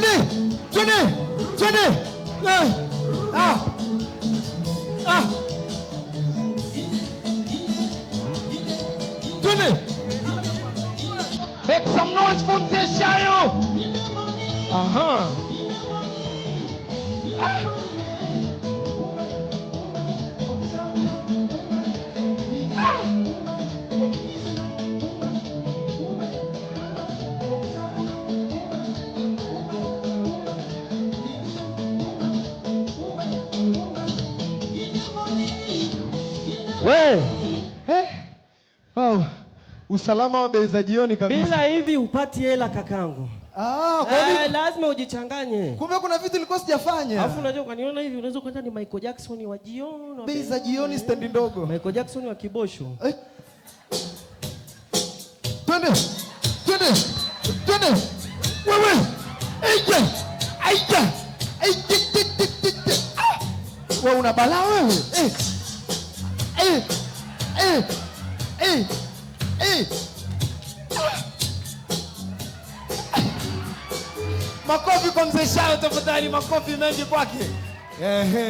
Jenny, Jenny, Jenny. Yeah. Ah. Ah. Jenny. Make some noise for this show. Uh huh. Ah. We. Eh? Wow. Oh, usalama wa bei za jioni kabisa. Bila hivi upati hela kakangu. Ah, kwa eh, lazima ujichanganye. Kumbe kuna vitu nilikuwa sijafanya. Alafu unajua ukaniona hivi unaweza kwenda ni Michael Jackson wa jioni. Bei za jioni stand ndogo. Michael Jackson wa kibosho. Eh? Twende. Twende. Twende. Wewe. Aija. Aija. Aija. Wewe una balaa wewe. Eh. Hey! Hey! Hey! Hey! Makofi kwa mzee Shao tafadhali, makofi mengi kwake.